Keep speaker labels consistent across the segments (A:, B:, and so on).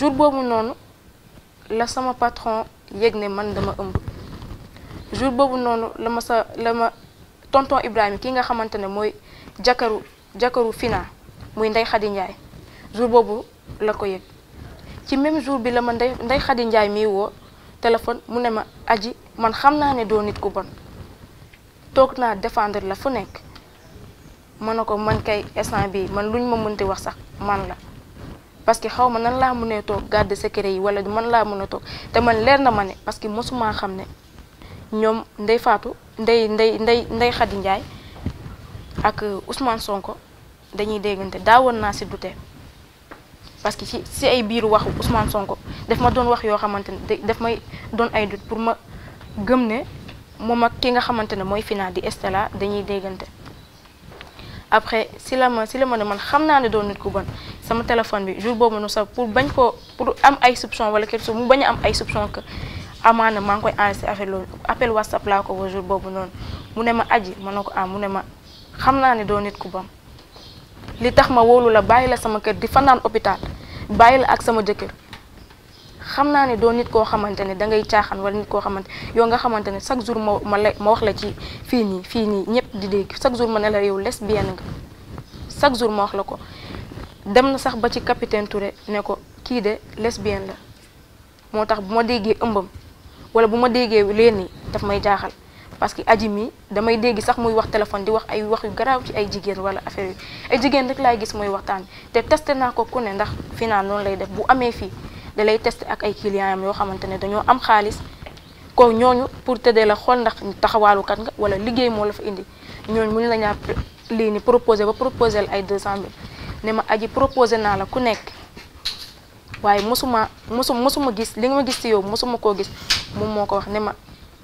A: jour boobu noonu la sama patron yëg ne man dama ëmb jour boobu noonu la ma sa la ma tonton Ibrahima ki nga xamante ne mooy jakaru jakaru Fina muy Ndey Xadi Njaay jour boobu la ko yëg ci même jour bi la ma Ndey Ndey Xadi Njaay mii woo téléphone mu ne ma aji man xam naa ne doo nit ku bon toog naa défendre la fu nekk ma ne ko mën kay instant bi man luñ ma mënti wax sax man la parce que xaw ma nan laa mënee toog garde secret yi wala man laa mën a toog te man leer na ma ne parce que mosuma xam ne ñoom ndey faatu ndey Ndeye Ndeye Ndeye Khady ak Ousmane Sonko dañuy déggante daawoon naa si dute parce que ci si ay biiru waxu Ousmane Sonko daf ma doon wax yoo xamante ne daf may doon ay dut pour ma gëm ne moom ak ki nga xamante ne mooy Fina di Estella dañuy déggante après si la ma si la ma ne man xam naa ne doon nit ku bon sama téléphone bi jour boobu noonu sax pour bañ ko pour am ay soupçon wala quelque chose mu bañ am ay soupçon que amaana maa ngi koy enregistré affaire loolu appel whatsapp laa ko woo jour boobu noonu mu ne ma aji ma ne ko ah mu ne ma xam naa ne doo nit ku bam li tax ma wóolu la bàyyi la sama kër di fanaan hôpital bàyyi la ak sama jëkkër xam naa ne doo nit koo xamante ne da ngay caaxaan wala nit koo xamante yow nga xamante ne chaque jour ma ma la ma wax la ci fii nii fii nii ñëpp di dégg chaque jour ma la yow lesbienne nga chaque jour ma wax la ko dem na sax ba ci capitaine toure ne ko kii de lesbienne la moo tax bu ma déggee ëmbam wala bu ma déggee leen daf may jaaxal parce que aji mii damay déggi sax muy wax téléphone di wax ay wax yu garaaw ci ay jigéen wala affaire yi ay jigéen rek laay gis mooy waxtaan te testé naa ko ku ne ndax fi naa noonu lay def bu amee fii dalay test ak ay clients yoo xamante ne dañoo am xaalis ko ñooñu pour tëddee la xool ndax taxawaalukat nga wala liggéey moo la fa indi ñooñu mun la lii ni proposé ba proposé ay 200000. ne ma aji proposé naa la ku nekk waaye mosuma mosu mosuma gis li nga ma gis ci yow mosuma koo gis moom moo ko wax ne ma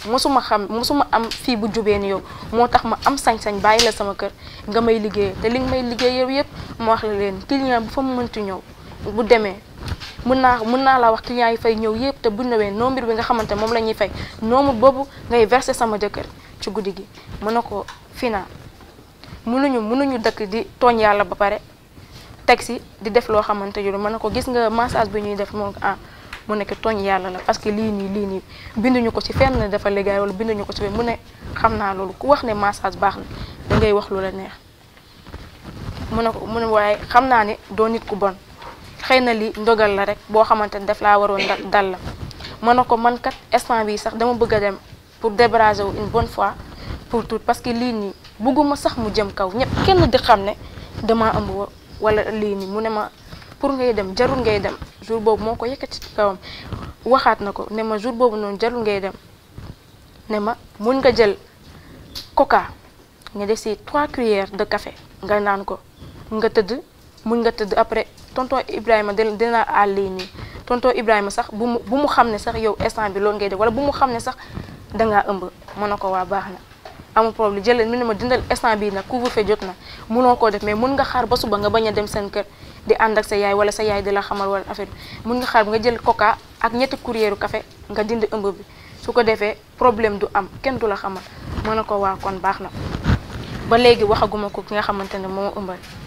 A: mosuma xam mosuma am fii bu jubee ni yow moo tax ma am sañ-sañ bàyyi la sama kër nga may liggéeyee te li nga may liggéey yow yëpp ma wax la leen client bu fa mënti ñëw bu demee mën naa mën naa laa wax client yi fay ñëw yëpp te bu ñëwee nombre bi nga xamante moom la ñuy fay nombre boobu ngay verser sama jëkkër ci guddi gi mën na ko final mënuñu mënuñu dëkk di tooñ yàlla ba pare teg si di def loo xamante ne mën na ko gis nga massage bi ñuy def moom ah mu nekk tooñ yàlla la parce que lii nii lii nii binduñu ko ci fenn dafa légal wala binduñu ko ci fenn mu ne xam naa loolu ku wax ne massage baax na da wax lu la neex mu ne ko mu ne waaye xam naa ne doo nit ku bon xëy na lii ndogal la rek boo xamante ne daf laa waroon dal la mën na ko man kat instant bii sax dama bëgg a dem pour débrager wu une bonne fois pour tout parce que lii nii bëgguma sax mu jëm kaw ñëpp kenn di xam ne dama ëmb wala lii nii mu ne ma pour ngay dem jarul ngay dem jour boobu moo ko yekkati ci kawam waxaat na ko ne ma jour boobu noonu jarul ngay dem ne ma mun nga jël koka nga def si trois cuillères de kafe nga naan ko nga tëdd mun nga tëdd après tonton Ibrahima dina àll lii nii tonton Ibrahima sax bu mu bu mu xam ne sax yow instant bi loolu ngay def wala bu mu xam ne sax dangaa ëmb mën na ko waa baax na. amul problème jël leen mu ne ma dindal instant bii nag couvre-feu jot na noo koo def mais mun nga xaar ba suba nga bañ a dem seen kër di ànd ak sa yaay wala sa yaay di la xamal wala affaire bi mun nga xaar nga jël coca ak ñetti cuillère café nga dindi ëmb bi su ko defee problème du am kenn du la xamal mën na ko waa kon baax na ba léegi waxaguma ko ki nga xamante ne moo ëmbal